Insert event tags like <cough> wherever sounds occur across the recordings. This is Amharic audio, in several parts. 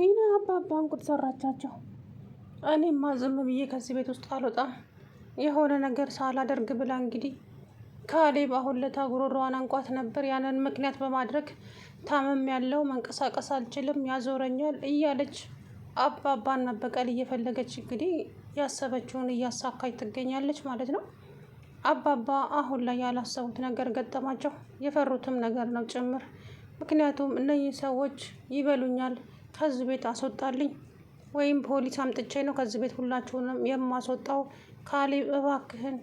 ቲና አባባን ጉድ ሰራቻቸው። እኔማ ዝም ብዬ ከዚህ ቤት ውስጥ አልወጣም የሆነ ነገር ሳላደርግ ብላ እንግዲህ ካሌብ አሁን ለታ ጉሮሮዋን አንቋት ነበር። ያንን ምክንያት በማድረግ ታመም ያለው መንቀሳቀስ አልችልም፣ ያዞረኛል እያለች አባባን መበቀል እየፈለገች እንግዲህ ያሰበችውን እያሳካች ትገኛለች ማለት ነው። አባባ አሁን ላይ ያላሰቡት ነገር ገጠማቸው። የፈሩትም ነገር ነው ጭምር። ምክንያቱም እነዚህ ሰዎች ይበሉኛል ከዚህ ቤት አስወጣልኝ፣ ወይም ፖሊስ አምጥቼ ነው ከዚህ ቤት ሁላችሁንም የማስወጣው። ካሌብ እባክህን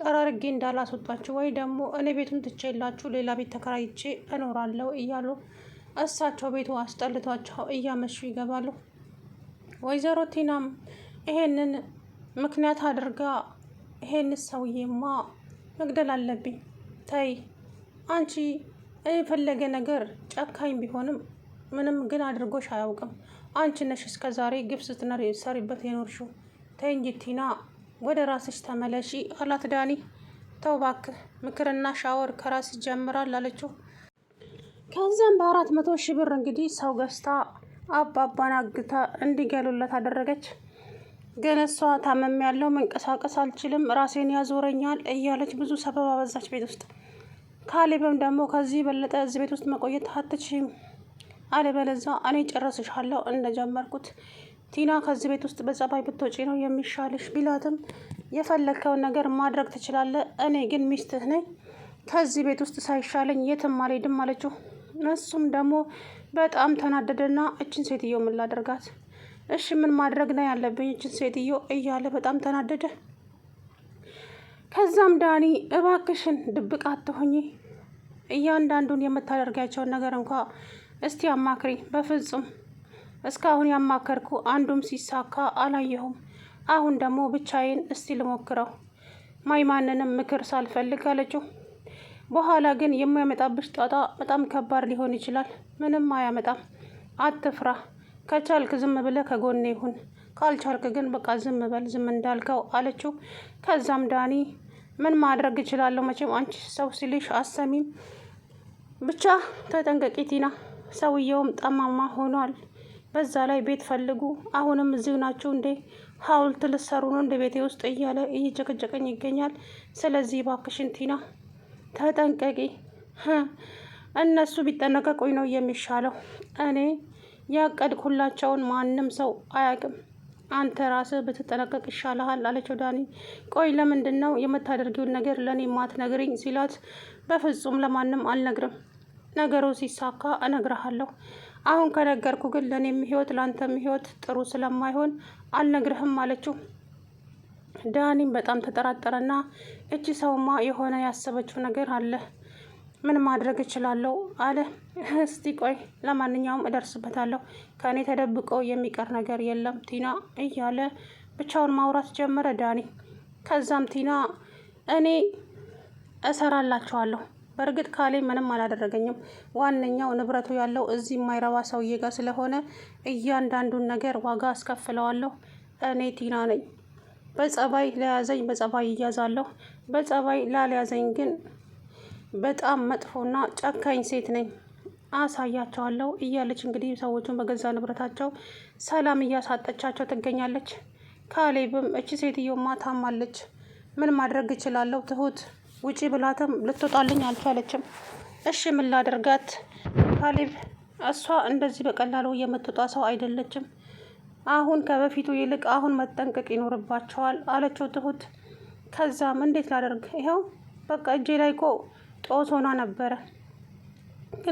ጠራርጌ እንዳላስወጣችሁ ወይ ደግሞ እኔ ቤቱን ትቼላችሁ ሌላ ቤት ተከራይቼ እኖራለሁ እያሉ እሳቸው ቤቱ አስጠልቷቸው እያመሹ ይገባሉ። ወይዘሮ ቲናም ይሄንን ምክንያት አድርጋ ይሄን ሰውዬማ መግደል አለብኝ፣ ተይ አንቺ የፈለገ ነገር ጨካኝ ቢሆንም ምንም ግን አድርጎሽ አያውቅም። አንቺ ነሽ እስከ ዛሬ ግብ ስትሰሪበት የኖርሽው። ተይ እንጂ ቲና፣ ወደ ራስሽ ተመለሺ አላት ዳኒ። ተው እባክህ ምክርና ሻወር ከራስ ይጀምራል አለችው። ከዚያም በአራት መቶ ሺህ ብር እንግዲህ ሰው ገዝታ አባባን አግታ እንዲገሉለት አደረገች። ግን እሷ ታመም ያለው መንቀሳቀስ አልችልም፣ ራሴን ያዞረኛል እያለች ብዙ ሰበብ አበዛች ቤት ውስጥ። ካሌብም ደግሞ ከዚህ በለጠ እዚህ ቤት ውስጥ መቆየት አትችም አለበለዛ እኔ ጨረስሻለሁ እንደጀመርኩት ቲና ከዚህ ቤት ውስጥ በጸባይ ብትወጪ ነው የሚሻልሽ ቢላትም የፈለግከውን ነገር ማድረግ ትችላለህ፣ እኔ ግን ሚስትህ ነኝ፣ ከዚህ ቤት ውስጥ ሳይሻለኝ የትም አልሄድም አለችው። እሱም ደግሞ በጣም ተናደደና እችን ሴትዮ ምን ላደርጋት? እሺ ምን ማድረግ ነው ያለብኝ እችን ሴትዮ እያለ በጣም ተናደደ። ከዛም ዳኒ እባክሽን ድብቅ አትሆኚ፣ እያንዳንዱን የምታደርጋቸውን ነገር እንኳ እስቲ አማክሪ። በፍጹም እስካሁን ያማከርኩ አንዱም ሲሳካ አላየሁም። አሁን ደግሞ ብቻዬን እስቲ ልሞክረው። ማይ ማንንም ምክር ሳልፈልግ አለችው። በኋላ ግን የሚያመጣብሽ ጣጣ በጣም ከባድ ሊሆን ይችላል። ምንም አያመጣም፣ አትፍራ። ከቻልክ ዝም ብለህ ከጎኔ ይሁን፣ ካልቻልክ ግን በቃ ዝም በል፣ ዝም እንዳልከው አለችው። ከዛም ዳኒ ምን ማድረግ እችላለሁ? መቼም አንቺ ሰው ሲልሽ አሰሚም። ብቻ ተጠንቀቂ ቲና ሰውየውም ጠማማ ሆኗል። በዛ ላይ ቤት ፈልጉ፣ አሁንም እዚሁ ናችሁ እንዴ? ሐውልት ልሰሩ ነው እንደ ቤቴ ውስጥ እያለ እየጨቀጨቀኝ ይገኛል። ስለዚህ ባክሽን ቲና ተጠንቀቂ። እነሱ ቢጠነቀቁኝ ነው የሚሻለው። እኔ ያቀድኩላቸውን ማንም ሰው አያውቅም። አንተ ራስህ ብትጠነቀቅ ይሻልሃል አለችው ዳኒ። ቆይ ለምንድን ነው የምታደርጊውን ነገር ለእኔ ማትነግሪኝ? ሲላት በፍጹም ለማንም አልነግርም ነገሩ ሲሳካ እነግረሃለሁ። አሁን ከነገርኩ ግን ለእኔም ህይወት ለአንተም ህይወት ጥሩ ስለማይሆን አልነግርህም አለችው። ዳኒም በጣም ተጠራጠረና እቺ ሰውማ የሆነ ያሰበችው ነገር አለ፣ ምን ማድረግ እችላለሁ አለ። እስቲ ቆይ ለማንኛውም እደርስበታለሁ፣ ከእኔ ተደብቆ የሚቀር ነገር የለም ቲና እያለ ብቻውን ማውራት ጀመረ ዳኒ። ከዛም ቲና እኔ እሰራላችኋለሁ በእርግጥ ካሌ ምንም አላደረገኝም። ዋነኛው ንብረቱ ያለው እዚህ የማይረባ ሰውዬ ጋር ስለሆነ እያንዳንዱን ነገር ዋጋ አስከፍለዋለሁ። እኔ ቲና ነኝ። በጸባይ ለያዘኝ በጸባይ እያዛለሁ። በጸባይ ላልያዘኝ ግን በጣም መጥፎና ጨካኝ ሴት ነኝ አሳያቸዋለሁ እያለች እንግዲህ ሰዎቹን በገዛ ንብረታቸው ሰላም እያሳጠቻቸው ትገኛለች። ካሌብም እቺ ሴትዮማ ታማለች፣ ምን ማድረግ እችላለሁ ትሁት ውጪ ብላትም ልትወጣልኝ አልቻለችም። እሺ ምን ላደርጋት ካሌብ፣ እሷ እንደዚህ በቀላሉ የምትወጣ ሰው አይደለችም። አሁን ከበፊቱ ይልቅ አሁን መጠንቀቅ ይኖርባቸዋል አለችው ትሁት። ከዛም እንዴት ላደርግ ይኸው በቃ እጄ ላይ እኮ ጦስ ሆና ነበረ፣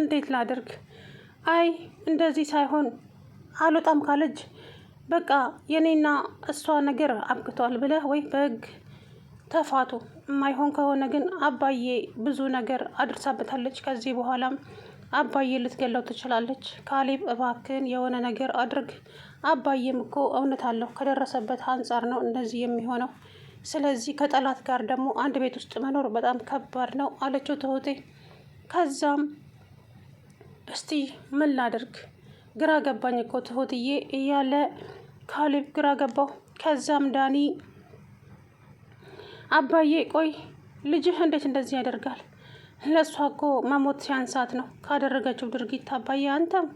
እንዴት ላደርግ? አይ እንደዚህ ሳይሆን አልወጣም ካለች በቃ የኔና እሷ ነገር አብቅቷል ብለህ ወይ በህግ ተፋቱ የማይሆን ከሆነ ግን አባዬ ብዙ ነገር አድርሳበታለች። ከዚህ በኋላም አባዬ ልትገለው ትችላለች። ካሌብ እባክን የሆነ ነገር አድርግ። አባዬም እኮ እውነት አለው ከደረሰበት አንጻር ነው እንደዚህ የሚሆነው። ስለዚህ ከጠላት ጋር ደግሞ አንድ ቤት ውስጥ መኖር በጣም ከባድ ነው አለችው ትሁቴ። ከዛም እስቲ ምን ላድርግ ግራ ገባኝ እኮ ትሁትዬ እያለ ካሌብ ግራ ገባው። ከዛም ዳኒ አባዬ ቆይ ልጅህ እንዴት እንደዚህ ያደርጋል? ለእሷ እኮ መሞት ሲያንሳት ነው ካደረገችው ድርጊት። አባዬ አንተም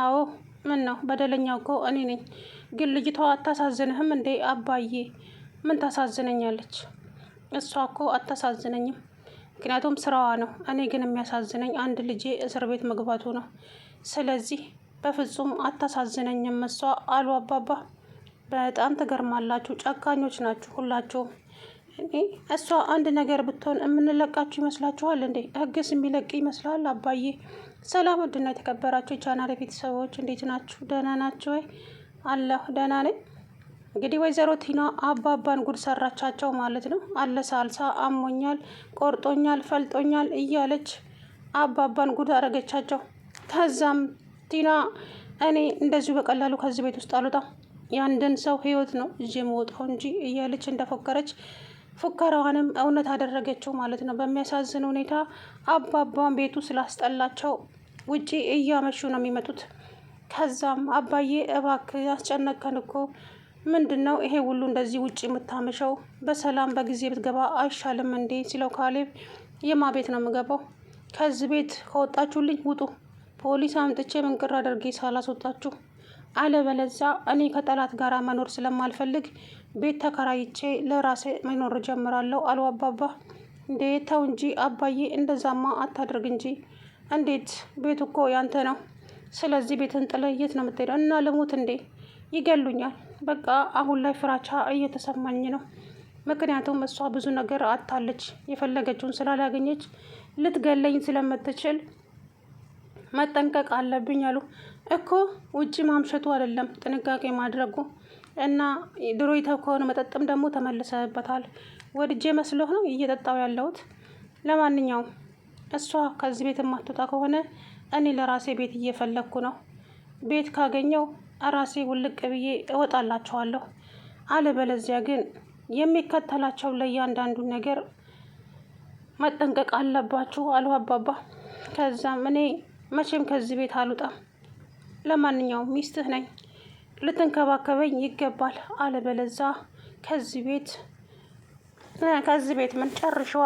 አዎ ምን ነው በደለኛው እኮ እኔ ነኝ። ግን ልጅቷ አታሳዝንህም እንዴ አባዬ? ምን ታሳዝነኛለች? እሷ እኮ አታሳዝነኝም፣ ምክንያቱም ስራዋ ነው። እኔ ግን የሚያሳዝነኝ አንድ ልጄ እስር ቤት መግባቱ ነው። ስለዚህ በፍጹም አታሳዝነኝም እሷ አሉ አባባ። በጣም ትገርማላችሁ፣ ጨካኞች ናችሁ ሁላችሁም። እኔ እሷ አንድ ነገር ብትሆን የምንለቃችሁ ይመስላችኋል እንዴ? ህግስ የሚለቅ ይመስላል? አባዬ ሰላም። ውድና የተከበራችሁ የቻናል ቤተሰቦች እንዴት ናችሁ? ደህና ናችሁ ወይ? አለሁ ደህና ነኝ። እንግዲህ ወይዘሮ ቲና አባባን ጉድ ሰራቻቸው ማለት ነው። አለሳልሳ አሞኛል፣ ቆርጦኛል፣ ፈልጦኛል እያለች አባባን ጉድ አረገቻቸው። ከዛም ቲና እኔ እንደዚሁ በቀላሉ ከዚህ ቤት ውስጥ አልወጣም፣ የአንድን ሰው ህይወት ነው እዚህ የምወጣው እንጂ እያለች እንደፎከረች ፉከራዋንም እውነት አደረገችው ማለት ነው። በሚያሳዝን ሁኔታ አባባን ቤቱ ስላስጠላቸው ውጪ እያመሹ ነው የሚመጡት። ከዛም አባዬ እባክህ ያስጨነቀን እኮ ምንድን ነው ይሄ ሁሉ እንደዚህ ውጭ የምታመሸው? በሰላም በጊዜ ብትገባ አይሻልም እንዴ? ሲለው ካሌብ የማ ቤት ነው የምገባው? ከዚህ ቤት ከወጣችሁልኝ ውጡ፣ ፖሊስ አምጥቼ ምንቅር አድርጌ ሳላስወጣችሁ አለበለዛ እኔ ከጠላት ጋር መኖር ስለማልፈልግ ቤት ተከራይቼ ለራሴ መኖር ጀምራለሁ አሉ አባባ። ተው እንጂ አባዬ፣ እንደዛማ አታድርግ እንጂ እንዴት? ቤቱ እኮ ያንተ ነው። ስለዚህ ቤትን ጥለ የት ነው የምትሄደው? እና ልሙት እንዴ? ይገሉኛል። በቃ አሁን ላይ ፍራቻ እየተሰማኝ ነው። ምክንያቱም እሷ ብዙ ነገር አታለች። የፈለገችውን ስላላገኘች ልትገለኝ ስለምትችል መጠንቀቅ አለብኝ አሉ። እኮ ውጪ ማምሸቱ አይደለም ጥንቃቄ ማድረጉ እና ድሮ ይተው ከሆነ መጠጥም ደግሞ ተመልሰበታል። ወድጄ መስሎህ ነው እየጠጣው ያለሁት። ለማንኛውም እሷ ከዚህ ቤት የማትወጣ ከሆነ እኔ ለራሴ ቤት እየፈለግኩ ነው። ቤት ካገኘው ራሴ ውልቅ ብዬ እወጣላቸዋለሁ። አለበለዚያ ግን የሚከተላቸው ለእያንዳንዱ ነገር መጠንቀቅ አለባችሁ አሉ አባባ። ከዛም እኔ መቼም ከዚህ ቤት አልወጣም ለማንኛውም ሚስትህ ነኝ፣ ልትንከባከበኝ ይገባል። አለበለዛ ከዚህ ቤት ከዚህ ቤት ምን ጨርሸዋ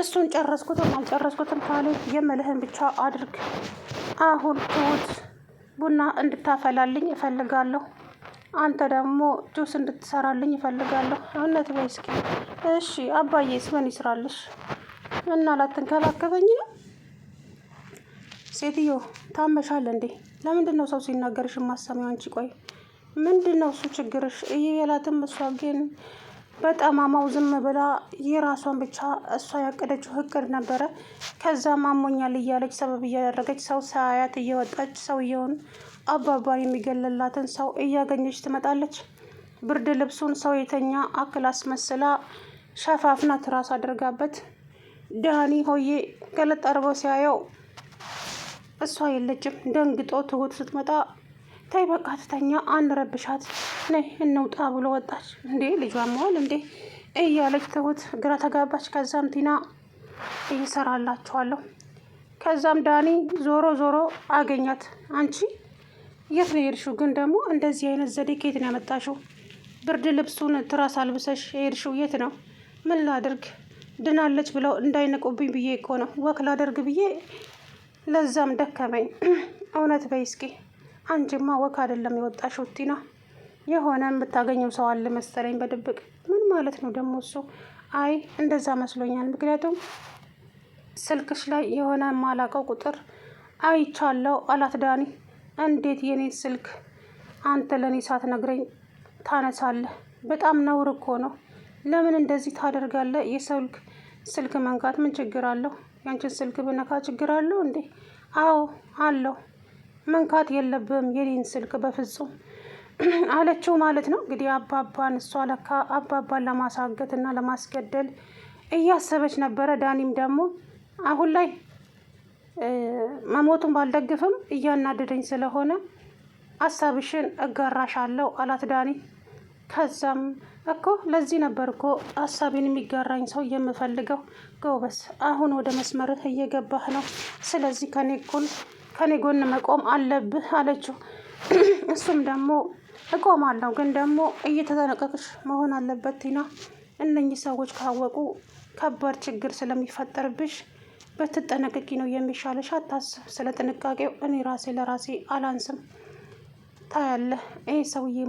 እሱን ጨረስኩትም አልጨረስኩትም ካለ የምልህን ብቻ አድርግ። አሁን ትሁት ቡና እንድታፈላልኝ እፈልጋለሁ። አንተ ደግሞ ጁስ እንድትሰራልኝ እፈልጋለሁ። እውነት በይ እስኪ። እሺ አባዬስ ምን ይስራልሽ? እና ላትንከባከበኝ ነው? ሴትዮ ታመሻል እንዴ? ለምንድን ነው ሰው ሲናገርሽ የማሰሚው? አንቺ ቆይ ምንድን ነው እሱ ችግርሽ? የላትም እሷ ግን በጣም አማው ዝም ብላ የራሷን ብቻ እሷ ያቀደችው እቅድ ነበረ። ከዛ ማሞኛል እያለች ሰበብ እያደረገች ሰው ሳያት እየወጣች ሰውየውን አባባን የሚገለላትን ሰው እያገኘች ትመጣለች። ብርድ ልብሱን ሰው የተኛ አክል አስመስላ ሸፋፍና ትራስ አድርጋበት ዳኒ ሆዬ ገለጥ አድርጎ ሲያየው እሷ የለችም። ደንግጦ ትሁት ስትመጣ ተይ በቃ ትተኛ አንረብሻት፣ ነይ እንውጣ ብሎ ወጣች። እንዴ ልጇ መሆን እንዴ እያለች ትሁት ግራ ተጋባች። ከዛም ቲና እይሰራላችኋለሁ። ከዛም ዳኒ ዞሮ ዞሮ አገኛት። አንቺ የት ነው የሄድሽው? ግን ደግሞ እንደዚህ አይነት ዘዴ ከየት ነው ያመጣሽው? ብርድ ልብሱን ትራስ አልብሰሽ የሄድሽው የት ነው? ምን ላድርግ ድናለች ብለው እንዳይነቁብኝ ብዬ እኮ ነው ወክ ላደርግ ብዬ ለዛም ደከመኝ። <clears throat> እውነት በይ እስኪ አንቺማ ወክ አይደለም የወጣሽው ቲና፣ የሆነ የምታገኘው ሰው አለ መሰለኝ በድብቅ። ምን ማለት ነው ደግሞ እሱ? አይ እንደዛ መስሎኛል። ምክንያቱም ስልክሽ ላይ የሆነ የማላውቀው ቁጥር አይቻለው አላት ዳኒ። እንዴት የኔ ስልክ አንተ ለእኔ ሳትነግረኝ ታነሳለህ? በጣም ነውር እኮ ነው። ለምን እንደዚህ ታደርጋለህ? የሰውልክ ስልክ መንካት ምን ችግር አለው? ያንቺን ስልክ ብነካ ችግር አለው እንዴ? አዎ አለው። መንካት የለብም የኔን ስልክ በፍጹም <clears throat> አለችው ማለት ነው። እንግዲህ አባባን እሷ ለካ አባባን ለማሳገት እና ለማስገደል እያሰበች ነበረ። ዳኒም ደግሞ አሁን ላይ መሞቱን ባልደግፍም እያናደደኝ ስለሆነ ሀሳብሽን እጋራሻለሁ አላት ዳኒ። ከዛም እኮ ለዚህ ነበር እኮ ሀሳቤን የሚጋራኝ ሰው የምፈልገው። ጎበስ አሁን ወደ መስመርህ እየገባህ ነው። ስለዚህ ከኔ ጎን መቆም አለብህ አለችው። እሱም ደግሞ እቆማለሁ፣ ግን ደግሞ እየተጠነቀቅሽ መሆን አለበት ቲና። እነኚህ ሰዎች ካወቁ ከባድ ችግር ስለሚፈጠርብሽ ብትጠነቀቂ ነው የሚሻለሽ። አታስብ፣ ስለ ጥንቃቄው እኔ ራሴ ለራሴ አላንስም። ታያለህ ይህ ሰውዬ